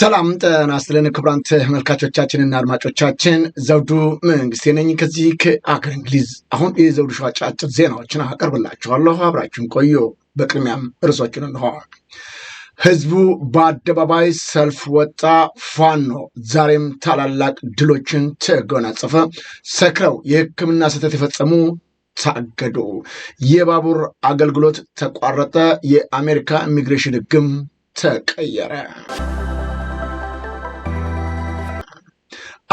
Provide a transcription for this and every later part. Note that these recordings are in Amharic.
ሰላም ጤና ይስጥልን ክቡራን ተመልካቾቻችንና አድማጮቻችን ዘውዱ መንግስቴ ነኝ ከዚህ ከአገር እንግሊዝ። አሁን የዘውዱ ሾው አጫጭር ዜናዎችን አቀርብላችኋለሁ፣ አብራችሁን ቆዩ። በቅድሚያም ርዕሶችን እንሆ። ህዝቡ በአደባባይ ሰልፍ ወጣ፣ ፋኖ ዛሬም ታላላቅ ድሎችን ተጎናጸፈ፣ ሰክረው የህክምና ስህተት የፈጸሙ ታገዱ፣ የባቡር አገልግሎት ተቋረጠ፣ የአሜሪካ ኢሚግሬሽን ህግም ተቀየረ።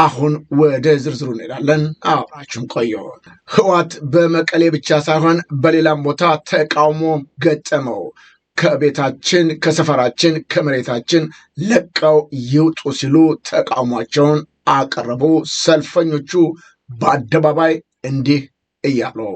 አሁን ወደ ዝርዝሩ እንሄዳለን። አብራችሁን ቆዩ። ህወሓት በመቀሌ ብቻ ሳይሆን በሌላም ቦታ ተቃውሞ ገጠመው። ከቤታችን ከሰፈራችን ከመሬታችን ለቀው ይውጡ ሲሉ ተቃውሟቸውን አቀረቡ። ሰልፈኞቹ በአደባባይ እንዲህ እያሉ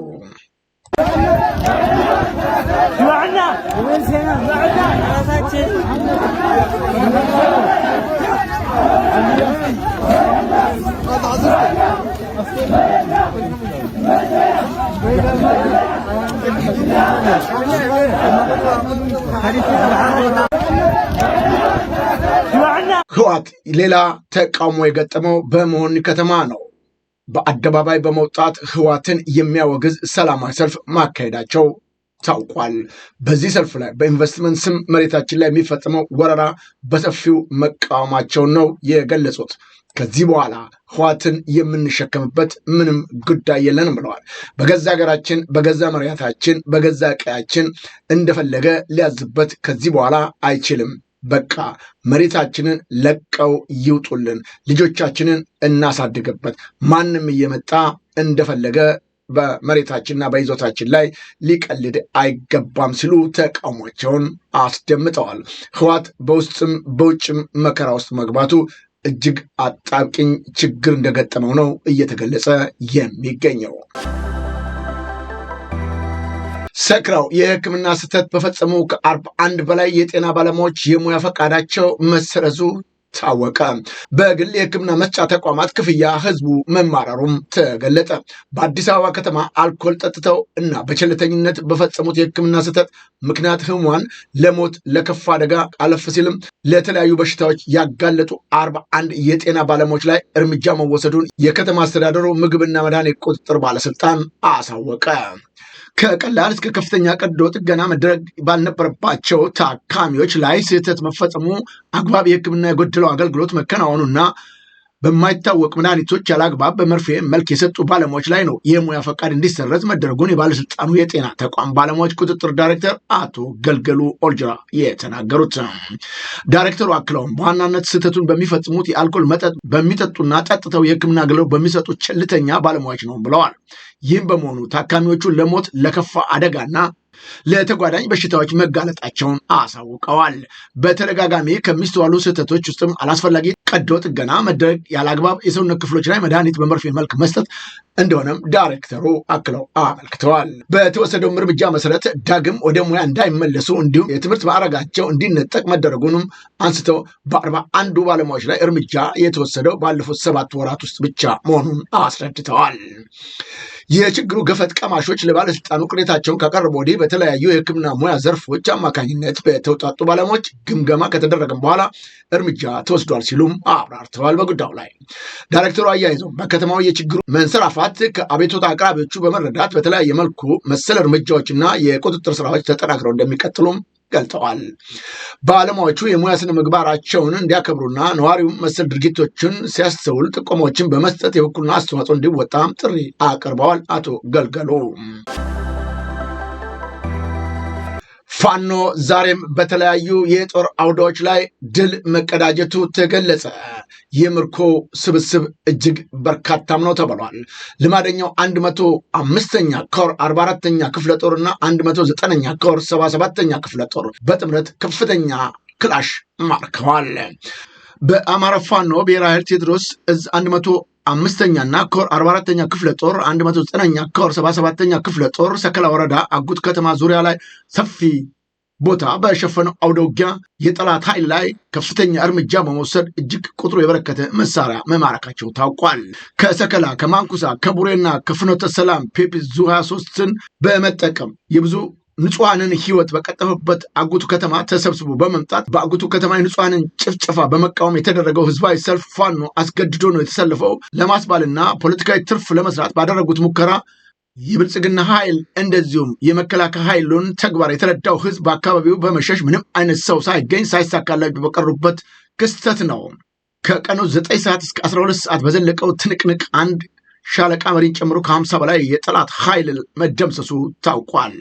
ህወሓት ሌላ ተቃውሞ የገጠመው በመሆን ከተማ ነው። በአደባባይ በመውጣት ህወሓትን የሚያወግዝ ሰላማዊ ሰልፍ ማካሄዳቸው ታውቋል። በዚህ ሰልፍ ላይ በኢንቨስትመንት ስም መሬታችን ላይ የሚፈጸመው ወረራ በሰፊው መቃወማቸውን ነው የገለጹት። ከዚህ በኋላ ህዋትን የምንሸከምበት ምንም ጉዳይ የለንም ብለዋል። በገዛ ሀገራችን፣ በገዛ መሬታችን፣ በገዛ ቀያችን እንደፈለገ ሊያዝበት ከዚህ በኋላ አይችልም። በቃ መሬታችንን ለቀው ይውጡልን፣ ልጆቻችንን እናሳድግበት። ማንም እየመጣ እንደፈለገ በመሬታችንና በይዞታችን ላይ ሊቀልድ አይገባም ሲሉ ተቃውሟቸውን አስደምጠዋል። ህዋት በውስጥም በውጭም መከራ ውስጥ መግባቱ እጅግ አጣብቂኝ ችግር እንደገጠመው ነው እየተገለጸ የሚገኘው። ሰክራው የሕክምና ስህተት በፈጸሙ ከአርባ አንድ በላይ የጤና ባለሙያዎች የሙያ ፈቃዳቸው መሰረዙ ታወቀ። በግል የሕክምና መስጫ ተቋማት ክፍያ ህዝቡ መማረሩም ተገለጠ። በአዲስ አበባ ከተማ አልኮል ጠጥተው እና በቸልተኝነት በፈጸሙት የሕክምና ስህተት ምክንያት ህሙዋን ለሞት ለከፋ አደጋ አለፍ ሲልም ለተለያዩ በሽታዎች ያጋለጡ አርባ አንድ የጤና ባለሙያዎች ላይ እርምጃ መወሰዱን የከተማ አስተዳደሩ ምግብና መድኃኒት ቁጥጥር ባለስልጣን አሳወቀ። ከቀላል እስከ ከፍተኛ ቀዶ ጥገና መደረግ ባልነበረባቸው ታካሚዎች ላይ ስህተት መፈጸሙ፣ አግባብ የሕክምና የጎደለው አገልግሎት መከናወኑና በማይታወቅ መድኃኒቶች ያላግባብ በመርፌ መልክ የሰጡ ባለሙያዎች ላይ ነው የሙያ ፈቃድ እንዲሰረዝ መደረጉን የባለስልጣኑ የጤና ተቋም ባለሙያዎች ቁጥጥር ዳይሬክተር አቶ ገልገሉ ኦልጅራ የተናገሩት። ዳይሬክተሩ አክለውም በዋናነት ስህተቱን በሚፈጽሙት የአልኮል መጠጥ በሚጠጡና ጠጥተው የሕክምና አገልግሎት በሚሰጡ ቸልተኛ ባለሙያዎች ነው ብለዋል። ይህም በመሆኑ ታካሚዎቹን ለሞት ለከፋ አደጋና ለተጓዳኝ በሽታዎች መጋለጣቸውን አሳውቀዋል። በተደጋጋሚ ከሚስተዋሉ ስህተቶች ውስጥም አላስፈላጊ ቀዶ ጥገና መደረግ፣ ያለአግባብ የሰውነት ክፍሎች ላይ መድኃኒት በመርፌ መልክ መስጠት እንደሆነም ዳይሬክተሩ አክለው አመልክተዋል። በተወሰደውም እርምጃ መሰረት ዳግም ወደ ሙያ እንዳይመለሱ እንዲሁም የትምህርት ማዕረጋቸው እንዲነጠቅ መደረጉንም አንስተው በአርባ አንዱ ባለሙያዎች ላይ እርምጃ የተወሰደው ባለፉት ሰባት ወራት ውስጥ ብቻ መሆኑን አስረድተዋል። የችግሩ ገፈት ቀማሾች ለባለስልጣኑ ቅሬታቸውን ካቀረቡ ወዲህ በተለያዩ የሕክምና ሙያ ዘርፎች አማካኝነት በተውጣጡ ባለሙያዎች ግምገማ ከተደረገም በኋላ እርምጃ ተወስዷል ሲሉም አብራርተዋል። በጉዳዩ ላይ ዳይሬክተሩ አያይዘው በከተማው የችግሩ መንሰራፋት ከአቤቱታ አቅራቢዎቹ በመረዳት በተለያየ መልኩ መሰል እርምጃዎችና የቁጥጥር ስራዎች ተጠናክረው እንደሚቀጥሉም ገልጠዋል። ባለሙያዎቹ የሙያ ስነ ምግባራቸውን እንዲያከብሩና ነዋሪው መሰል ድርጊቶችን ሲያስተውል ጥቆማዎችን በመስጠት የበኩሉን አስተዋጽኦ እንዲወጣ ጥሪ አቅርበዋል። አቶ ገልገሉ ፋኖ ዛሬም በተለያዩ የጦር አውዳዎች ላይ ድል መቀዳጀቱ ተገለጸ። የምርኮ ስብስብ እጅግ በርካታም ነው ተብሏል። ልማደኛው 105ኛ ኮር 44ኛ ክፍለ ጦርና 109ኛ ኮር 77ኛ ክፍለ ጦር በጥምረት ከፍተኛ ክላሽ ማርከዋል። በአማራ ፋኖ ብሔራዊ ቴዎድሮስ እዝ መቶ አምስተኛና ኮር 44ኛ ክፍለ ጦር 19ኛ ኮር 77ኛ ክፍለ ጦር ሰከላ ወረዳ አጉት ከተማ ዙሪያ ላይ ሰፊ ቦታ በሸፈነው አውደ ውጊያ የጠላት ኃይል ላይ ከፍተኛ እርምጃ በመውሰድ እጅግ ቁጥሩ የበረከተ መሳሪያ መማረካቸው ታውቋል። ከሰከላ፣ ከማንኩሳ፣ ከቡሬና ከፍኖተ ሰላም ፔፒ ዙ 23ን በመጠቀም የብዙ ንጹሐንን ህይወት በቀጠፈበት አጉቱ ከተማ ተሰብስቦ በመምጣት በአጉቱ ከተማ የንጹሐንን ጭፍጨፋ በመቃወም የተደረገው ህዝባዊ ሰልፍ ፋኖ አስገድዶ ነው የተሰለፈው ለማስባልና ፖለቲካዊ ትርፍ ለመስራት ባደረጉት ሙከራ የብልጽግና ኃይል እንደዚሁም የመከላከያ ኃይሉን ተግባር የተረዳው ህዝብ በአካባቢው በመሸሽ ምንም አይነት ሰው ሳይገኝ ሳይሳካላቸው በቀሩበት ክስተት ነው። ከቀኑ 9 ሰዓት እስከ 12 ሰዓት በዘለቀው ትንቅንቅ አንድ ሻለቃ መሪን ጨምሮ ከሀምሳ በላይ የጠላት ኃይል መደምሰሱ ታውቋል።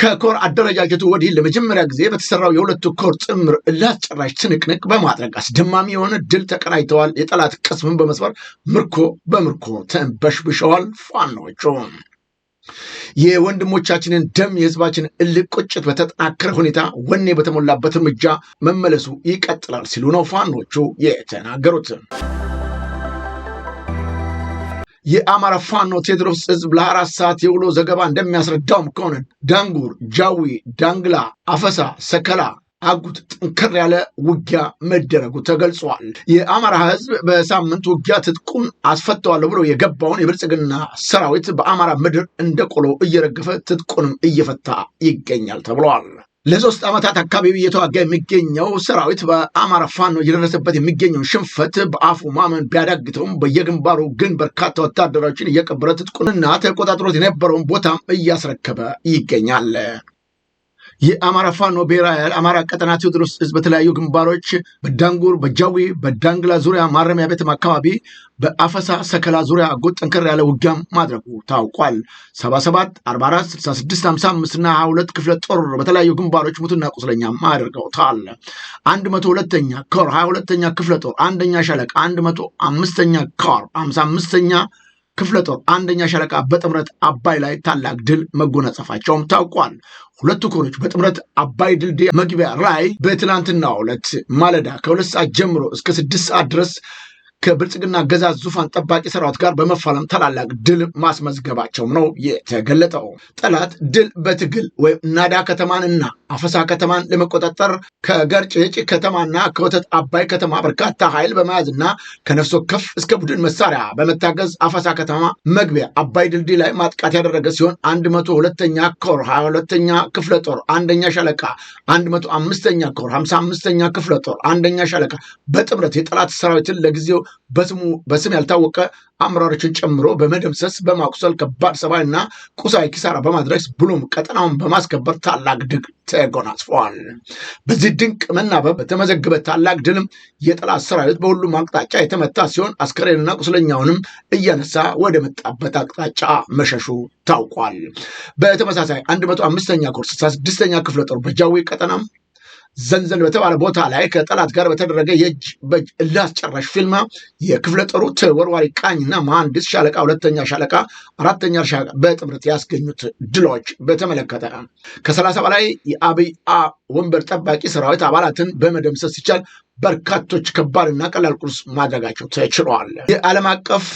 ከኮር አደረጃጀቱ ወዲህ ለመጀመሪያ ጊዜ በተሰራው የሁለቱ ኮር ጥምር ላስጨራሽ ትንቅንቅ በማድረግ አስደማሚ የሆነ ድል ተቀናጅተዋል። የጠላት ቅስምን በመስበር ምርኮ በምርኮ ተንበሽብሸዋል። ፋኖቹ የወንድሞቻችንን ደም የህዝባችንን እልቅ ቁጭት በተጠናከረ ሁኔታ ወኔ በተሞላበት እርምጃ መመለሱ ይቀጥላል ሲሉ ነው ፋኖቹ የተናገሩት። የአማራ ፋኖ ቴዎድሮስ ህዝብ ለአራት ሰዓት የውሎ ዘገባ እንደሚያስረዳውም ከሆነ ዳንጉር፣ ጃዊ፣ ዳንግላ፣ አፈሳ፣ ሰከላ አጉት ጥንክር ያለ ውጊያ መደረጉ ተገልጿል። የአማራ ህዝብ በሳምንት ውጊያ ትጥቁን አስፈተዋለሁ ብሎ የገባውን የብልጽግና ሰራዊት በአማራ ምድር እንደ ቆሎ እየረገፈ ትጥቁንም እየፈታ ይገኛል ተብሏል። ለሶስት ዓመታት አካባቢ እየተዋጋ የሚገኘው ሰራዊት በአማራ ፋኖ እየደረሰበት የሚገኘውን ሽንፈት በአፉ ማመን ቢያዳግተውም በየግንባሩ ግን በርካታ ወታደሮችን እየቀበረ ትጥቁንና ተቆጣጥሮት የነበረውን ቦታም እያስረከበ ይገኛል። የአማራ ፋኖ ብሔራዊ አማራ ቀጠና ቴዎድሮስ ህዝብ በተለያዩ ግንባሮች በዳንጉር፣ በጃዊ፣ በዳንግላ ዙሪያ ማረሚያ ቤትም አካባቢ በአፈሳ ሰከላ ዙሪያ አጎት ጠንከር ያለ ውጊያም ማድረጉ ታውቋል። 77 44 66 55 እና 22 ክፍለ ጦር በተለያዩ ግንባሮች ሙትና ቁስለኛ አድርገውታል። 102ኛ ኮር 22ኛ ክፍለ ጦር አንደኛ ሻለቃ 105ኛ ኮር 55ኛ ክፍለ ጦር አንደኛ ሻለቃ በጥምረት አባይ ላይ ታላቅ ድል መጎናጸፋቸውም ታውቋል። ሁለቱ ኮሮች በጥምረት አባይ ድልድይ መግቢያ ላይ በትናንትናው ዕለት ማለዳ ከሁለት ሰዓት ጀምሮ እስከ ስድስት ሰዓት ድረስ ከብልጽግና አገዛዝ ዙፋን ጠባቂ ሰራዊት ጋር በመፋለም ታላላቅ ድል ማስመዝገባቸውም ነው የተገለጠው። ጠላት ድል በትግል ወይም ናዳ ከተማንና አፈሳ ከተማን ለመቆጣጠር ከገርጭጭ ከተማና ከወተት አባይ ከተማ በርካታ ኃይል በመያዝና ከነፍሶ ከፍ እስከ ቡድን መሳሪያ በመታገዝ አፈሳ ከተማ መግቢያ አባይ ድልድይ ላይ ማጥቃት ያደረገ ሲሆን አንድ መቶ ሁለተኛ ኮር ሀያ ሁለተኛ ክፍለ ጦር አንደኛ ሻለቃ አንድ መቶ አምስተኛ ኮር ሀምሳ አምስተኛ ክፍለ ጦር አንደኛ ሻለቃ በጥምረት የጠላት ሰራዊትን ለጊዜው በስም ያልታወቀ አመራሮችን ጨምሮ በመደምሰስ በማቁሰል ከባድ ሰብአዊና ቁሳዊ ኪሳራ በማድረስ ብሎም ቀጠናውን በማስከበር ታላቅ ድግ ተጎናጽፈዋል። በዚህ ድንቅ መናበብ በተመዘገበ ታላቅ ድልም የጠላት ሰራዊት በሁሉም አቅጣጫ የተመታ ሲሆን አስከሬንና ቁስለኛውንም እያነሳ ወደ መጣበት አቅጣጫ መሸሹ ታውቋል። በተመሳሳይ 105ኛ ኮር 6 ኛ ክፍለ ጦር በጃዊ ቀጠናም ዘንዘን በተባለ ቦታ ላይ ከጠላት ጋር በተደረገ የእጅ በእጅ እላስጨራሽ ፊልማ የክፍለ ጦሩ ተወርዋሪ እና መሐንዲስ ሻለቃ ሁለተኛ ሻለቃ አራተኛ ሻለቃ በጥምረት ያስገኙት ድሎች በተመለከተ ከሰላሳ በላይ የአብይ ወንበር ጠባቂ ሰራዊት አባላትን በመደምሰስ ሲቻል በርካቶች ከባድና ቀላል ቁርስ ማድረጋቸው ተችሏል። የዓለም አቀፍ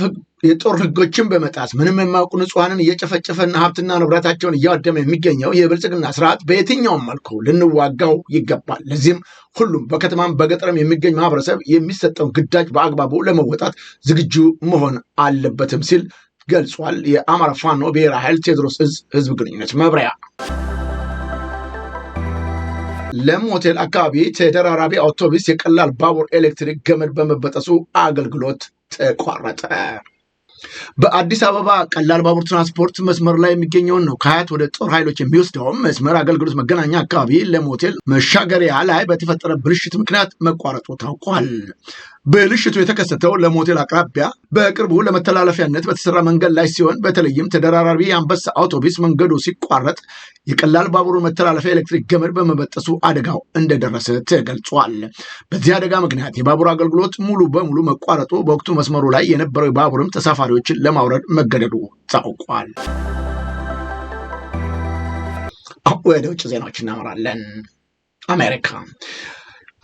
የጦር ህጎችን በመጣስ ምንም የማያውቁ ንጹሐንን እየጨፈጨፈና ሀብትና ንብረታቸውን እያወደመ የሚገኘው የብልጽግና ስርዓት በየትኛውም መልኩ ልንዋጋው ይገባል። ለዚህም ሁሉም በከተማም በገጠርም የሚገኝ ማህበረሰብ የሚሰጠው ግዳጅ በአግባቡ ለመወጣት ዝግጁ መሆን አለበትም ሲል ገልጿል። የአማራ ፋኖ ብሔራዊ ኃይል ቴዎድሮስ እዝ ህዝብ ግንኙነት መብሪያ ለም ሆቴል አካባቢ ተደራራቢ አውቶቡስ፣ የቀላል ባቡር ኤሌክትሪክ ገመድ በመበጠሱ አገልግሎት ተቋረጠ። በአዲስ አበባ ቀላል ባቡር ትራንስፖርት መስመር ላይ የሚገኘውን ነው ከሀያት ወደ ጦር ኃይሎች የሚወስደውም መስመር አገልግሎት መገናኛ አካባቢ ለሞቴል መሻገሪያ ላይ በተፈጠረ ብልሽት ምክንያት መቋረጡ ታውቋል። ብልሽቱ የተከሰተው ለሞቴል አቅራቢያ በቅርቡ ለመተላለፊያነት በተሰራ መንገድ ላይ ሲሆን በተለይም ተደራራቢ የአንበሳ አውቶቡስ መንገዱ ሲቋረጥ የቀላል ባቡሩ መተላለፊያ ኤሌክትሪክ ገመድ በመበጠሱ አደጋው እንደደረሰ ተገልጿል። በዚህ አደጋ ምክንያት የባቡር አገልግሎት ሙሉ በሙሉ መቋረጡ፣ በወቅቱ መስመሩ ላይ የነበረው የባቡርም ተሳፋሪዎችን ለማውረድ መገደዱ ታውቋል። ወደ ውጭ ዜናዎች እናምራለን። አሜሪካ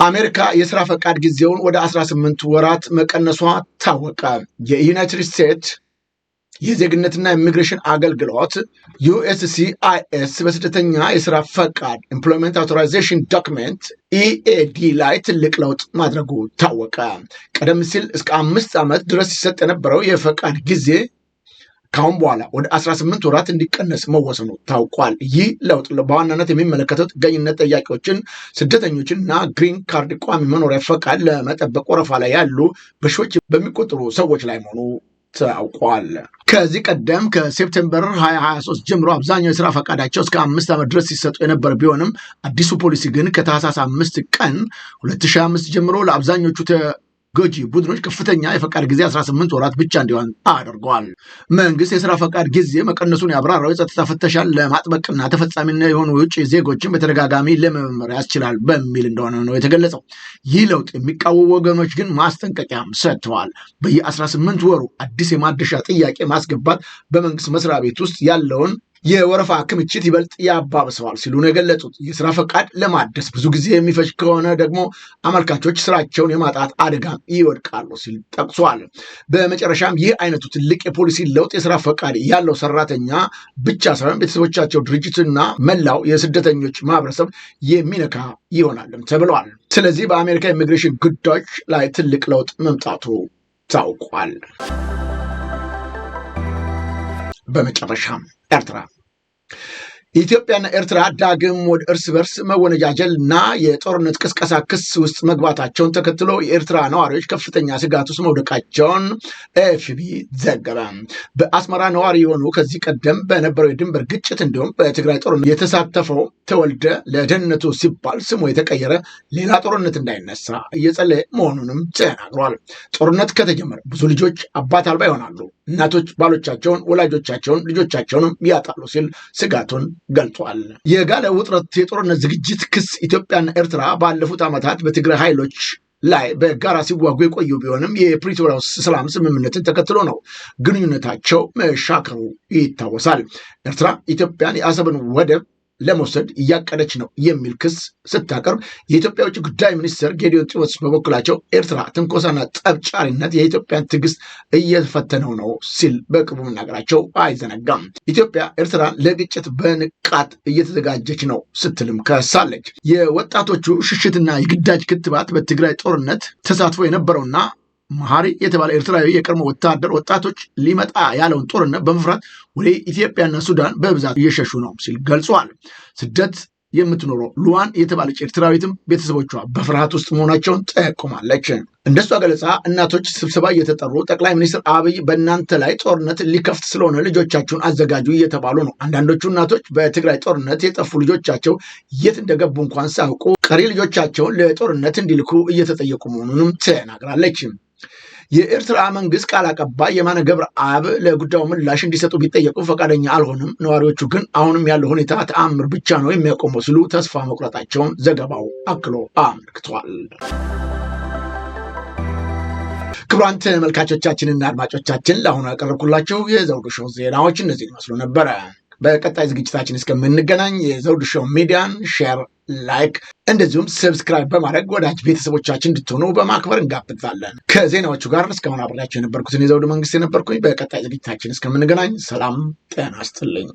አሜሪካ የስራ ፈቃድ ጊዜውን ወደ 18 ወራት መቀነሷ ታወቀ። የዩናይትድ ስቴትስ የዜግነትና ኢሚግሬሽን አገልግሎት ዩኤስሲአይኤስ በስደተኛ የስራ ፈቃድ ኤምፕሎይመንት አውቶራይዜሽን ዶክመንት ኢኤዲ ላይ ትልቅ ለውጥ ማድረጉ ታወቀ። ቀደም ሲል እስከ አምስት ዓመት ድረስ ሲሰጥ የነበረው የፈቃድ ጊዜ ከአሁን በኋላ ወደ 18 ወራት እንዲቀነስ መወሰኑ ታውቋል። ይህ ለውጥ በዋናነት የሚመለከተው ጥገኝነት ጠያቂዎችን፣ እና ግሪን ካርድ ቋሚ መኖሪያ ፈቃድ ለመጠበቅ ወረፋ ላይ ያሉ በሺዎች በሚቆጠሩ ሰዎች ላይ መሆኑ ታውቋል። ከዚህ ቀደም ከሴፕቴምበር 2023 ጀምሮ አብዛኛው የስራ ፈቃዳቸው እስከ አምስት ዓመት ድረስ ሲሰጡ የነበረ ቢሆንም አዲሱ ፖሊሲ ግን ከታህሳስ አምስት ቀን 2025 ጀምሮ ለአብዛኞቹ ጎጂ ቡድኖች ከፍተኛ የፈቃድ ጊዜ 18 ወራት ብቻ እንዲሆን አድርጓል። መንግስት የስራ ፈቃድ ጊዜ መቀነሱን ያብራራው የጸጥታ ፍተሻን ለማጥበቅና ተፈጻሚነት የሆኑ ውጭ ዜጎችን በተደጋጋሚ ለመመርመር ያስችላል በሚል እንደሆነ ነው የተገለጸው። ይህ ለውጥ የሚቃወሙ ወገኖች ግን ማስጠንቀቂያም ሰጥተዋል። በየ18 ወሩ አዲስ የማደሻ ጥያቄ ማስገባት በመንግስት መስሪያ ቤት ውስጥ ያለውን የወረፋ ክምችት ይበልጥ ያባብሰዋል ሲሉ ነው የገለጹት። የስራ ፈቃድ ለማደስ ብዙ ጊዜ የሚፈጅ ከሆነ ደግሞ አመልካቾች ስራቸውን የማጣት አደጋ ይወድቃሉ ሲል ጠቅሷል። በመጨረሻም ይህ አይነቱ ትልቅ የፖሊሲ ለውጥ የስራ ፈቃድ ያለው ሰራተኛ ብቻ ሳይሆን ቤተሰቦቻቸው፣ ድርጅትና መላው የስደተኞች ማህበረሰብ የሚነካ ይሆናልም ተብለዋል። ስለዚህ በአሜሪካ ኢሚግሬሽን ጉዳዮች ላይ ትልቅ ለውጥ መምጣቱ ታውቋል። በመጨረሻም ኤርትራ ኢትዮጵያና ኤርትራ ዳግም ወደ እርስ በርስ መወነጃጀል እና የጦርነት ቅስቀሳ ክስ ውስጥ መግባታቸውን ተከትሎ የኤርትራ ነዋሪዎች ከፍተኛ ስጋት ውስጥ መውደቃቸውን ኤፍቢ ዘገበ። በአስመራ ነዋሪ የሆኑ ከዚህ ቀደም በነበረው የድንበር ግጭት እንዲሁም በትግራይ ጦርነት የተሳተፈው ተወልደ ለደህንነቱ ሲባል ስሙ የተቀየረ ሌላ ጦርነት እንዳይነሳ እየጸለየ መሆኑንም ተናግሯል። ጦርነት ከተጀመረ ብዙ ልጆች አባት አልባ ይሆናሉ። እናቶች ባሎቻቸውን፣ ወላጆቻቸውን፣ ልጆቻቸውንም ያጣሉ ሲል ስጋቱን ገልጧል። የጋለ ውጥረት የጦርነት ዝግጅት ክስ ኢትዮጵያና ኤርትራ ባለፉት ዓመታት በትግራይ ኃይሎች ላይ በጋራ ሲዋጉ የቆዩ ቢሆንም የፕሪቶሪያው ሰላም ስምምነትን ተከትሎ ነው ግንኙነታቸው መሻከሩ ይታወሳል። ኤርትራ ኢትዮጵያን የአሰብን ወደብ ለመውሰድ እያቀደች ነው የሚል ክስ ስታቀርብ የኢትዮጵያ ውጭ ጉዳይ ሚኒስትር ጌዲዮን ጢሞቴዎስ በበኩላቸው ኤርትራ ትንኮሳና ጠብጫሪነት የኢትዮጵያን ትዕግስት እየፈተነው ነው ሲል በቅርቡ መናገራቸው አይዘነጋም። ኢትዮጵያ ኤርትራን ለግጭት በንቃት እየተዘጋጀች ነው ስትልም ከሳለች። የወጣቶቹ ሽሽትና የግዳጅ ክትባት በትግራይ ጦርነት ተሳትፎ የነበረውና መሐሪ የተባለ ኤርትራዊ የቀድሞ ወታደር ወጣቶች ሊመጣ ያለውን ጦርነት በመፍራት ወደ ኢትዮጵያና ሱዳን በብዛት እየሸሹ ነው ሲል ገልጿል። ስደት የምትኖረው ሉዋን የተባለች ኤርትራዊትም ቤተሰቦቿ በፍርሃት ውስጥ መሆናቸውን ጠቁማለች። እንደሷ ገለጻ እናቶች ስብሰባ እየተጠሩ ጠቅላይ ሚኒስትር አብይ በእናንተ ላይ ጦርነት ሊከፍት ስለሆነ ልጆቻችሁን አዘጋጁ እየተባሉ ነው። አንዳንዶቹ እናቶች በትግራይ ጦርነት የጠፉ ልጆቻቸው የት እንደገቡ እንኳን ሳያውቁ ቀሪ ልጆቻቸውን ለጦርነት እንዲልኩ እየተጠየቁ መሆኑንም ተናግራለች። የኤርትራ መንግስት ቃል አቀባይ የማነ አብ ለጉዳዩ ምላሽ እንዲሰጡ ቢጠየቁ ፈቃደኛ አልሆንም። ነዋሪዎቹ ግን አሁንም ያለው ሁኔታ ተአምር ብቻ ነው የሚያቆመው ሲሉ ተስፋ መቁረጣቸውን ዘገባው አክሎ አመልክቷል። ክቡራን ተመልካቾቻችንና አድማጮቻችን ለአሁኑ ያቀረብኩላችሁ የዘውዱ ሾው ዜናዎች እነዚህን ይመስሉ ነበረ። በቀጣይ ዝግጅታችን እስከምንገናኝ የዘውዱ ሾው ሚዲያን ሼር፣ ላይክ እንደዚሁም ሰብስክራይብ በማድረግ ወዳጅ ቤተሰቦቻችን እንድትሆኑ በማክበር እንጋብዛለን። ከዜናዎቹ ጋር እስካሁን አብሬያቸው የነበርኩትን የዘውዱ መንግስት የነበርኩኝ። በቀጣይ ዝግጅታችን እስከምንገናኝ ሰላም ጤና ይስጥልኝ።